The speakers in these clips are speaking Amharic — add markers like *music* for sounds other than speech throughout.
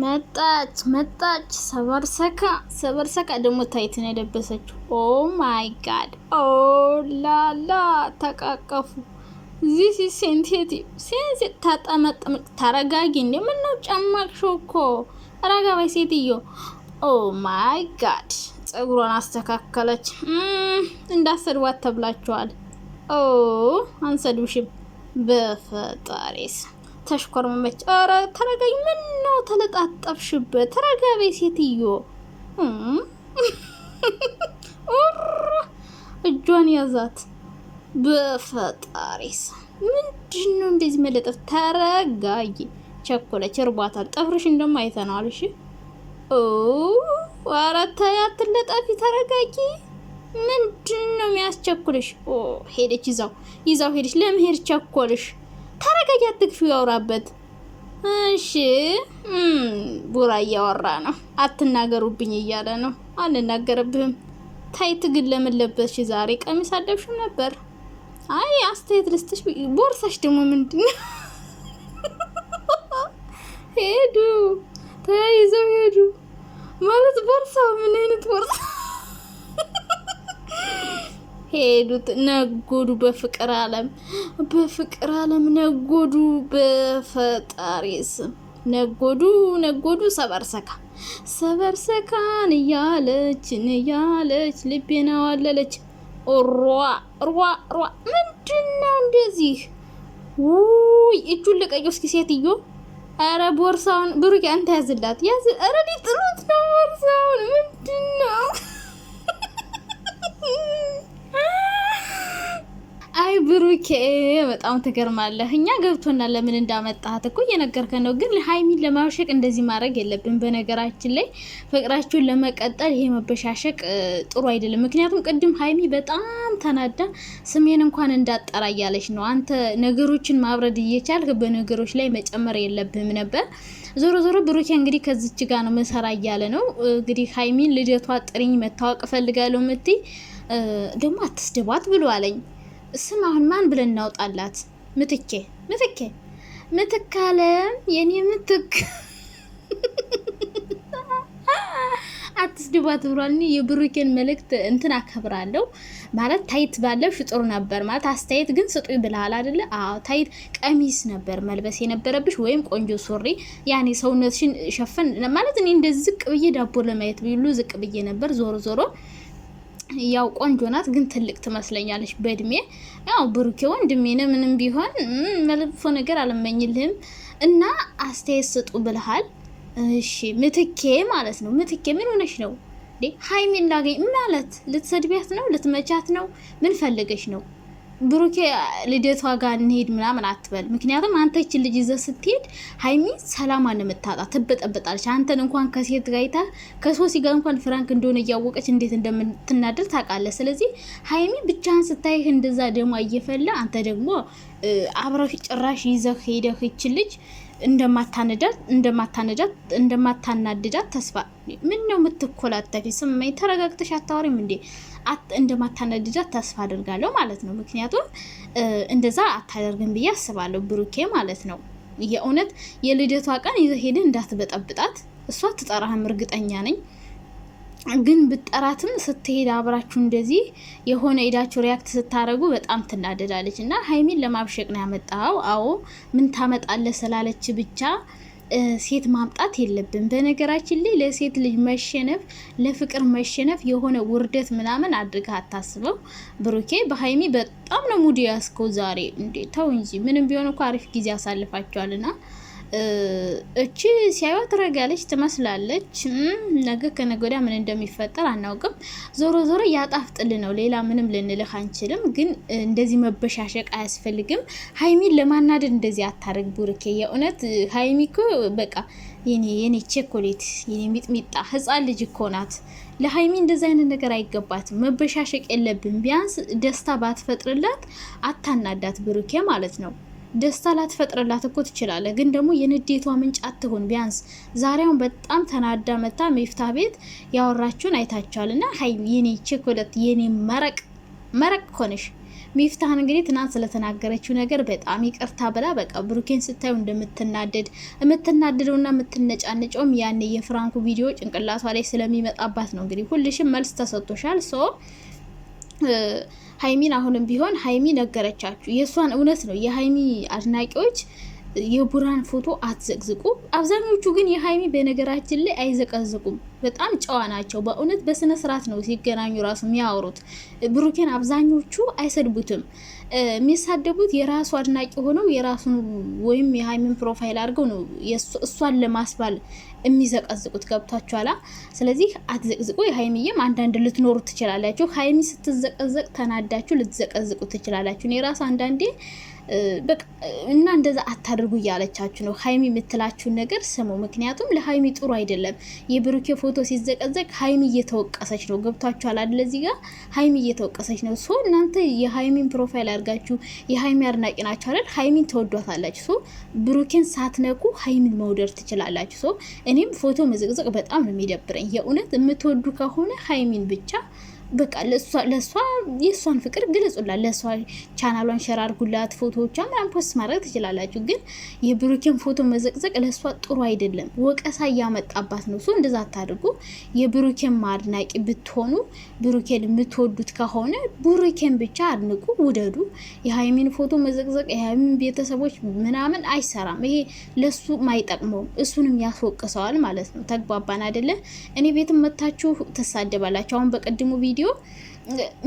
መጣች መጣች። ሰበርሰካ ሰበርሰካ ደግሞ ታይት ነው የለበሰችው። ኦ ማይ ጋድ! ኦ ላላ! ተቃቀፉ። ዚስ ሴንቴቲ ሴንስ ታጠመጠመቅ። ተረጋጊ እንዴ! ነው ጨመቅሽው እኮ ረጋ ባይ ሴትዮ። ኦ ማይ ጋድ! ጸጉሯን አስተካከለች። እንዳሰድዋት ተብላችኋል። ኦ oh! አንሰድብሽም በፈጣሪስ ተሽኮርመመች። ኧረ ተረጋኝ። ምን ነው ተለጣጠፍሽበት? ተረጋቤ ሴትዮ። *laughs* እጇን ያዛት። በፈጣሪስ ምንድን ነው እንደዚህ መለጠፍ? ተረጋይ። ቸኮለች። እርቧታል። ጥፍርሽን ደግሞ አይተነዋል። እሺ አራት አትለጣፊ፣ ተረጋጊ። ምንድን ነው የሚያስቸኩልሽ? ሄደች። ይዛው ይዛው ሄደች። ለመሄድ ቸኮልሽ። ተረጋጊ፣ አትግፊ፣ ያውራበት። እሺ ቡራ እያወራ ነው። አትናገሩብኝ እያለ ነው። አንናገርብህም። ታይ ትግል ለምን ዛሬ ቀሚስ አለብሽም ነበር። አይ አስተያየት ልስጥሽ። ቦርሳሽ ደግሞ ምንድን ነው? ሄዱ ተያይዘው ሄዱ ማለት ቦርሳ ምን አይነት ቦርሳ ሄዱት ነጎዱ፣ በፍቅር ዓለም በፍቅር ዓለም ነጎዱ፣ በፈጣሪ ስም ነጎዱ ነጎዱ። ሰበርሰካ ሰበርሰካን እያለችን እያለች ልቤና ዋለለች። ሯ ሯ ሯ ምንድነው እንደዚህ? ውይ እጁን ልቀየው እስኪ ሴትዮ። ኧረ ቦርሳውን ብሩክ አንተ ያዝላት ያዝ። ኧረ ሊጥሉት ነው ቦርሳውን ምን ብሩኬ በጣም ትገርማለህ። እኛ ገብቶና ለምን እንዳመጣት እኮ እየነገርከን ነው። ግን ሀይሚን ለማብሸቅ እንደዚህ ማድረግ የለብን። በነገራችን ላይ ፍቅራችሁን ለመቀጠል ይሄ መበሻሸቅ ጥሩ አይደለም። ምክንያቱም ቅድም ሀይሚ በጣም ተናዳ ስሜን እንኳን እንዳጠራ እያለች ነው። አንተ ነገሮችን ማብረድ እየቻልክ በነገሮች ላይ መጨመር የለብህም ነበር። ዞሮ ዞሮ ብሩኬ እንግዲህ ከዚች ጋር ነው መሰራ እያለ ነው። እንግዲህ ሀይሚን ልደቷ ጥሪኝ፣ መታወቅ እፈልጋለሁ ምትይ ደግሞ አትስደቧት ብሎ አለኝ ስም አሁን ማን ብለን እናውጣላት? ምትኬ ምትኬ ምትካለም የኔ ምትክ ድባ ትብሯል። እኔ የብሩኬን መልእክት እንትን አከብራለሁ ማለት ታይት ባለብሽ ጥሩ ነበር ማለት አስተያየት ግን ስጡ ብልሃል አደለ? አዎ ታይት ቀሚስ ነበር መልበስ የነበረብሽ ወይም ቆንጆ ሱሪ፣ ያኔ ሰውነትሽን ሸፈን ማለት እኔ እንደ ዝቅ ብዬ ዳቦ ለማየት ብሉ ዝቅ ብዬ ነበር ዞሮ ዞሮ ያው ቆንጆ ናት፣ ግን ትልቅ ትመስለኛለች በእድሜ። ያው ብሩኬ ወንድሜ ምንም ቢሆን መልፎ ነገር አልመኝልህም እና አስተያየት ስጡ ብልሃል። እሺ ምትኬ ማለት ነው። ምትኬ ምን ሆነሽ ነው? ሀይሚ እንዳገኝ ማለት ልትሰድቢያት ነው? ልትመቻት ነው? ምን ፈልገሽ ነው? ብሩኬ ልደቷ ጋር እንሄድ ምናምን አትበል። ምክንያቱም አንተ ይችን ልጅ ይዘህ ስትሄድ ሀይሚ ሰላማን የምታጣ ትበጠበጣለች። አንተን እንኳን ከሴት ጋይታ ከሶሲ ጋር እንኳን ፍራንክ እንደሆነ እያወቀች እንዴት እንደምትናደር ታውቃለህ። ስለዚህ ሀይሚ ብቻህን ስታይህ እንደዛ ደግሞ እየፈላ አንተ ደግሞ አብረህ ጭራሽ ይዘህ ሄደህ ይችን ልጅ እንደማታነጃት እንደማታነጃት እንደማታናድጃት ተስፋ ምን ነው የምትኮላተፊ? ስሜ ተረጋግተሽ አታወሪም እንዴ? እንደማታናድጃት ተስፋ አድርጋለሁ ማለት ነው። ምክንያቱም እንደዛ አታደርግም ብዬ አስባለሁ፣ ብሩኬ ማለት ነው። የእውነት የልደቷ ቀን ይዘህ ሄደህ እንዳትበጠብጣት። እሷ ትጠራህም እርግጠኛ ነኝ። ግን ብጠራትም ስትሄድ አብራችሁ እንደዚህ የሆነ ሄዳችሁ ሪያክት ስታደረጉ በጣም ትናደዳለች። እና ሀይሚን ለማብሸቅ ነው ያመጣው። አዎ ምን ታመጣለ ስላለች ብቻ ሴት ማምጣት የለብን። በነገራችን ላይ ለሴት ልጅ መሸነፍ፣ ለፍቅር መሸነፍ የሆነ ውርደት ምናምን አድርገህ አታስበው። ብሩኬ በሀይሚ በጣም ነው ሙድ ያስከው ዛሬ። እንዴ ተው እንጂ ምንም ቢሆን እኮ አሪፍ ጊዜ አሳልፋቸዋልና እቺ ሲያዩት ረጋለች ትመስላለች። ነገ ከነገ ወዲያ ምን እንደሚፈጠር አናውቅም። ዞሮ ዞሮ ያጣፍጥል ነው፣ ሌላ ምንም ልንልህ አንችልም። ግን እንደዚህ መበሻሸቅ አያስፈልግም። ሀይሚን ለማናደድ እንደዚህ አታደርግ ቡርኬ። የእውነት ሀይሚ እኮ በቃ የኔ የኔ ቸኮሌት የኔ ሚጥሚጣ ህፃን ልጅ እኮ ናት። ለሀይሚ እንደዚ አይነት ነገር አይገባትም። መበሻሸቅ የለብን። ቢያንስ ደስታ ባትፈጥርላት አታናዳት ብሩኬ ማለት ነው። ደስታ ላትፈጥርላት እኮ ትችላለህ፣ ግን ደግሞ የንዴቷ ምንጭ አትሆን። ቢያንስ ዛሬውን በጣም ተናዳ መታ ሚፍታህ ቤት ያወራችሁን አይታችኋል። እና ሀይ የኔ ቸኮለት የኔ መረቅ መረቅ ሆነሽ ሚፍታህን እንግዲህ ትናንት ስለተናገረችው ነገር በጣም ይቅርታ ብላ በቃ ብሩኬን ስታዩ እንደምትናደድ የምትናደደውና የምትነጫነጨውም ያኔ የፍራንኩ ቪዲዮ ጭንቅላቷ ላይ ስለሚመጣባት ነው። እንግዲህ ሁልሽም መልስ ተሰጥቶሻል ሶ ሀይሚን አሁንም ቢሆን ሀይሚ ነገረቻችሁ። የእሷን እውነት ነው። የሀይሚ አድናቂዎች የቡራን ፎቶ አትዘቅዝቁ። አብዛኞቹ ግን የሀይሚ በነገራችን ላይ አይዘቀዝቁም። በጣም ጨዋ ናቸው። በእውነት በስነ ስርዓት ነው ሲገናኙ ራሱ የሚያወሩት። ብሩኬን አብዛኞቹ አይሰድቡትም። የሚሳደቡት የራሱ አድናቂ ሆነው የራሱን ወይም የሀይሚን ፕሮፋይል አድርገው ነው እሷን ለማስባል የሚዘቀዝቁት። ገብቷችኋላ? ስለዚህ አትዘቅዝቁ። የሀይሚዬም አንዳንድ ልትኖሩ ትችላላችሁ። ሀይሚ ስትዘቀዘቅ ተናዳችሁ ልትዘቀዝቁ ትችላላችሁ። እኔ ራሱ አንዳንዴ እና እንደዛ አታድርጉ እያለቻችሁ ነው። ሀይሚ የምትላችሁን ነገር ስሙ። ምክንያቱም ለሀይሚ ጥሩ አይደለም። የብሩኬ ፎቶ ሲዘቀዘቅ ሀይሚ እየተወቀሰች ነው። ገብቷችኋል አይደል? እዚህ ጋር ሀይሚ እየተወቀሰች ነው። ሶ እናንተ የሀይሚን ፕሮፋይል አድርጋችሁ የሀይሚ አድናቂ ናቸው አይደል? ሀይሚን ተወዷታላችሁ። ሶ ብሩኬን ሳትነኩ ሀይሚን መውደር ትችላላችሁ። ሶ እኔም ፎቶ መዘቅዘቅ በጣም ነው የሚደብረኝ። የእውነት የምትወዱ ከሆነ ሀይሚን ብቻ በቃ ለእሷ የእሷን ፍቅር ግለጹላት። ለእሷ ቻናሏን ሸር አድርጉላት። ፎቶዎቿ ምናምን ፖስት ማድረግ ትችላላችሁ። ግን የብሩኬን ፎቶ መዘቅዘቅ ለእሷ ጥሩ አይደለም፣ ወቀሳ እያመጣባት ነው። ሶ እንደዛ አታድርጉ። የብሩኬን ማድናቂ ብትሆኑ ብሩኬን የምትወዱት ከሆነ ብሩኬን ብቻ አድንቁ፣ ውደዱ። የሀይሚን ፎቶ መዘቅዘቅ የሀይሚን ቤተሰቦች ምናምን አይሰራም። ይሄ ለሱ ማይጠቅመውም እሱንም ያስወቅሰዋል ማለት ነው። ተግባባን አይደለ? እኔ ቤትም መታችሁ ትሳደባላችሁ። አሁን በቀድሞ ቪዲዮ ቪዲዮ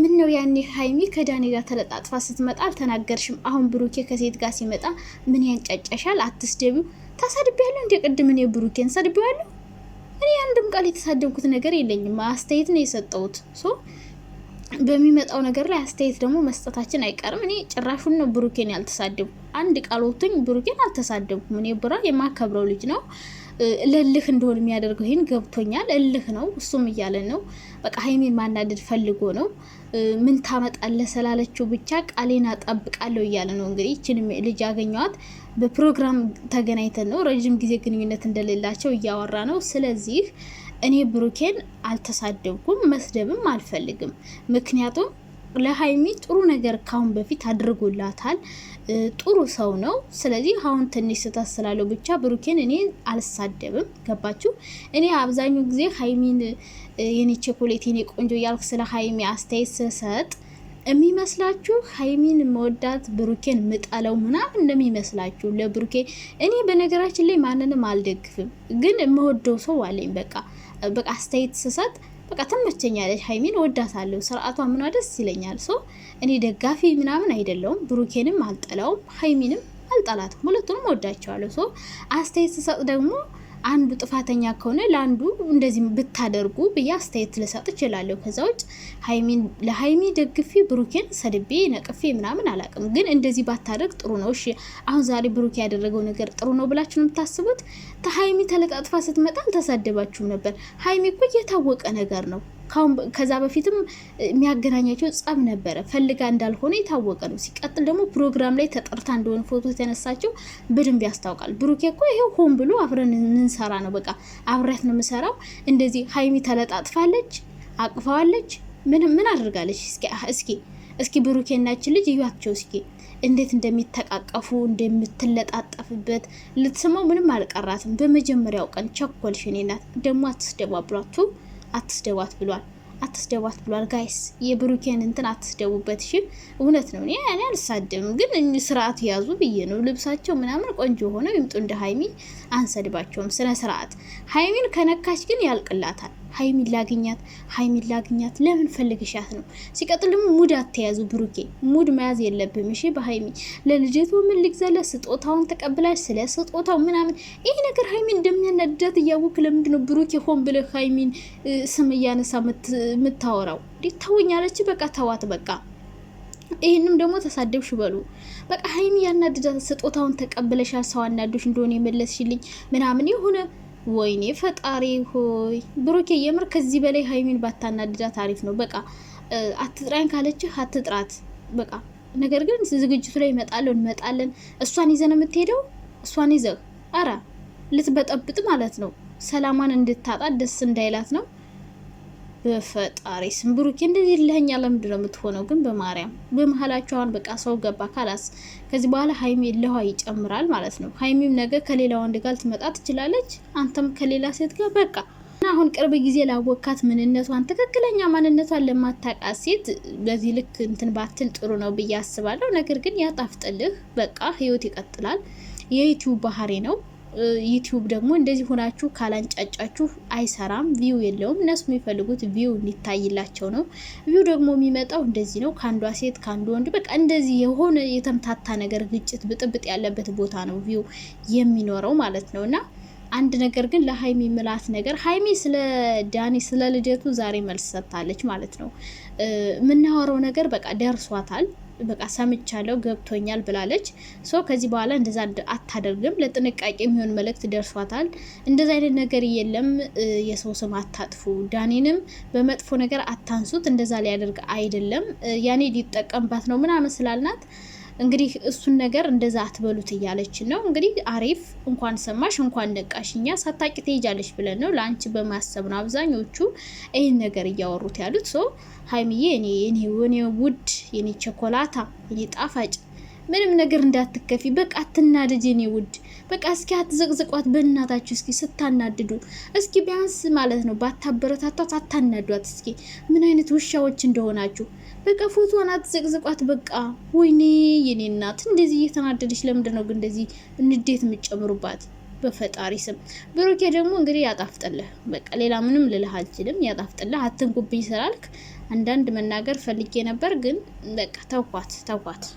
ምን ነው ያኔ ሀይሚ ከዳኔ ጋር ተለጣጥፋ ስትመጣ አልተናገርሽም፣ አሁን ብሩኬ ከሴት ጋር ሲመጣ ምን ያንጫጫሻል? አትስደቢው። ታሳድቢያለሁ እንደ ቅድም እኔ ብሩኬን ሰድቢዋለሁ። እኔ አንድም ቃል የተሳደብኩት ነገር የለኝም። አስተያየት ነው የሰጠሁት። ሶ በሚመጣው ነገር ላይ አስተያየት ደግሞ መስጠታችን አይቀርም። እኔ ጭራሹን ነው ብሩኬን ያልተሳደብኩ። አንድ ቃል ወጥቶኝ ብሩኬን አልተሳደብኩም። እኔ ብራ የማከብረው ልጅ ነው ለልህ እንደሆን የሚያደርገው ይህን ገብቶኛል። እልህ ነው እሱም እያለ ነው። በቃ ሀይሜን ማናደድ ፈልጎ ነው። ምን ታመጣለህ ስላለችው ብቻ ቃሌን አጣብቃለሁ እያለ ነው። እንግዲህ ይችን ልጅ ያገኘዋት በፕሮግራም ተገናኝተን ነው። ረዥም ጊዜ ግንኙነት እንደሌላቸው እያወራ ነው። ስለዚህ እኔ ብሩኬን አልተሳደብኩም፣ መስደብም አልፈልግም። ምክንያቱም ለሀይሚ ጥሩ ነገር ካሁን በፊት አድርጎላታል። ጥሩ ሰው ነው። ስለዚህ አሁን ትንሽ ስህተት ስላለው ብቻ ብሩኬን እኔ አልሳደብም። ገባችሁ? እኔ አብዛኛው ጊዜ ሀይሚን የኔ ቸኮሌት የኔ ቆንጆ እያልኩ ስለ ሀይሚ አስተያየት ስሰጥ የሚመስላችሁ ሀይሚን መወዳት ብሩኬን ምጠለው ምናምን እንደሚመስላችሁ ለብሩኬ እኔ በነገራችን ላይ ማንንም አልደግፍም፣ ግን የምወደው ሰው አለኝ። በቃ በቃ አስተያየት ስሰጥ በቃ ትመቸኛለች፣ ሀይሚን ወዳታለሁ፣ ስርዓቷ ምኗ ደስ ይለኛል። ሶ እኔ ደጋፊ ምናምን አይደለውም፣ ብሩኬንም አልጠላውም፣ ሀይሚንም አልጠላትም፣ ሁለቱንም ወዳቸዋለሁ። ሶ አስተያየት ስሰጥ ደግሞ አንዱ ጥፋተኛ ከሆነ ለአንዱ እንደዚህ ብታደርጉ ብዬ አስተያየት ልሰጥ እችላለሁ። ከዛ ውጭ ለሀይሚ ደግፊ ብሩኬን ሰድቤ ነቅፌ ምናምን አላቅም። ግን እንደዚህ ባታደርግ ጥሩ ነው። እሺ አሁን ዛሬ ብሩኬ ያደረገው ነገር ጥሩ ነው ብላችሁ ነው የምታስቡት? ሀይሚ ተለቃጥፋ ስትመጣ አልተሳደባችሁም ነበር። ሀይሚ እኮ የታወቀ ነገር ነው። ከዛ በፊትም የሚያገናኛቸው ጸብ ነበረ። ፈልጋ እንዳልሆነ የታወቀ ነው። ሲቀጥል ደግሞ ፕሮግራም ላይ ተጠርታ እንደሆነ ፎቶ የተነሳቸው በደንብ ያስታውቃል። ብሩኬ እኮ ይሄው ሆን ብሎ አብረን እንሰራ ነው፣ በቃ አብረት ነው የምሰራው። እንደዚህ ሀይሚ ተለጣጥፋለች፣ አቅፈዋለች። ምን ምን አድርጋለች? እስኪ እስኪ ብሩኬ እናችን ልጅ እዩዋቸው እስኪ እንዴት እንደሚተቃቀፉ እንደምትለጣጠፍበት ልትስማው ምንም አልቀራትም። በመጀመሪያው ቀን ቸኮልሽ እኔ ናት ደግሞ አትስደባብሯችሁ አትስደቧት ብሏል። አትስደቧት ብሏል። ጋይስ የብሩኬን እንትን አትስደቡበት። ሽ እውነት ነው። እኔ አልሳደብም፣ ግን ስርዓት ያዙ ብዬ ነው። ልብሳቸው ምናምን ቆንጆ ሆነው ይምጡ። እንደ ሀይሚ አንሰድባቸውም። ስነ ስርዓት ሀይሚን ከነካች ግን ያልቅላታል። ሀይሚን ላግኛት፣ ሀይሚን ላግኛት። ለምን ፈልግሻት ነው? ሲቀጥል ደግሞ ሙድ አትያዙ ብሩኬ ሙድ መያዝ የለብም እሺ። በሀይሚ ለልጅቱ ምን ልግዛለ፣ ስጦታውን ተቀብላሽ፣ ስለ ስጦታው ምናምን ይሄ ነገር ሀይሚን እንደሚያናድዳት እያወክ ለምንድን ብሩኬ ሆን ብለ ሀይሚን ስም እያነሳ የምታወራው? ታወኛለች። በቃ ተዋት በቃ ይህንም ደግሞ ተሳደብሽ በሉ በቃ ሀይሚ ያናድዳት። ስጦታውን ተቀብለሻል፣ ሰው አናዶሽ እንደሆነ የመለስሽልኝ ምናምን የሆነ ወይኔ ፈጣሪ ሆይ ብሩኬ፣ የምር ከዚህ በላይ ሀይሚን ባታናድዳት አሪፍ ነው። በቃ አትጥራኝ ካለችህ አትጥራት በቃ። ነገር ግን ዝግጅቱ ላይ ይመጣለሁ እንመጣለን። እሷን ይዘን ነው የምትሄደው፣ እሷን ይዘህ አረ ልትበጠብጥ ማለት ነው። ሰላማን እንድታጣ ደስ እንዳይላት ነው። በፈጣሪ ስም ብሩኬ እንደዚህ ለኛ ለምንድን ነው የምትሆነው? ግን በማርያም በመሀላቸው አሁን በቃ ሰው ገባ ካላስ፣ ከዚህ በኋላ ሀይሚ ለዋ ይጨምራል ማለት ነው። ሀይሚም ነገ ከሌላ ወንድ ጋር ልትመጣ ትችላለች፣ አንተም ከሌላ ሴት ጋር በቃ እና አሁን ቅርብ ጊዜ ላወካት ምንነቷን ትክክለኛ ማንነቷን ለማታቃ ሴት በዚህ ልክ እንትን ባትል ጥሩ ነው ብዬ አስባለሁ። ነገር ግን ያጣፍጥልህ። በቃ ህይወት ይቀጥላል። የዩቲዩብ ባህሪ ነው። ዩቲዩብ ደግሞ እንደዚህ ሆናችሁ ካላንጫጫችሁ አይሰራም። ቪው የለውም። እነሱ የሚፈልጉት ቪው እንዲታይላቸው ነው። ቪው ደግሞ የሚመጣው እንደዚህ ነው፣ ከአንዷ ሴት ከአንዱ ወንድ፣ በቃ እንደዚህ የሆነ የተምታታ ነገር፣ ግጭት፣ ብጥብጥ ያለበት ቦታ ነው ቪው የሚኖረው ማለት ነው እና አንድ ነገር ግን ለሀይሚ ምላት ነገር ሀይሚ ስለ ዳኒ ስለ ልደቱ ዛሬ መልስ ሰጥታለች ማለት ነው። የምናወራው ነገር በቃ ደርሷታል። በቃ ሰምቻለሁ ገብቶኛል ብላለች። ሶ ከዚህ በኋላ እንደዛ አታደርግም። ለጥንቃቄ የሚሆን መልእክት ደርሷታል። እንደዛ አይነት ነገር የለም። የሰው ስም አታጥፉ፣ ዳኒንም በመጥፎ ነገር አታንሱት። እንደዛ ሊያደርግ አይደለም። ያኔ ሊጠቀምባት ነው ምናምን ስላልናት እንግዲህ እሱን ነገር እንደዛ አትበሉት እያለችን ነው። እንግዲህ አሪፍ እንኳን ሰማሽ እንኳን ነቃሽ፣ እኛ ሳታቂ ትሄጃለሽ ብለን ነው ለአንቺ በማሰብ ነው አብዛኞቹ ይህን ነገር እያወሩት ያሉት። ሶ ሀይሚዬ እኔ የኔ ውድ የኔ ቸኮላታ የኔ ጣፋጭ ምንም ነገር እንዳትከፊ፣ በቃ አትናደጅ የኔ ውድ በቃ እስኪ አትዘቅዝቋት በእናታችሁ። እስኪ ስታናድዱ እስኪ ቢያንስ ማለት ነው ባታበረታቷት፣ አታናዷት። እስኪ ምን አይነት ውሻዎች እንደሆናችሁ በቃ ፎቶን አትዘቅዝቋት። በቃ ወይኔ የኔ እናት እንደዚህ እየተናደደች ለምንድን ነው ግን እንደዚህ እንዴት የምጨምሩባት? በፈጣሪ ስም ብሩኬ ደግሞ እንግዲህ ያጣፍጥልህ። በቃ ሌላ ምንም ልልህ አልችልም። ያጣፍጥልህ። አትንኩብኝ ስላልክ አንዳንድ መናገር ፈልጌ ነበር፣ ግን በቃ ተውኳት ተውኳት።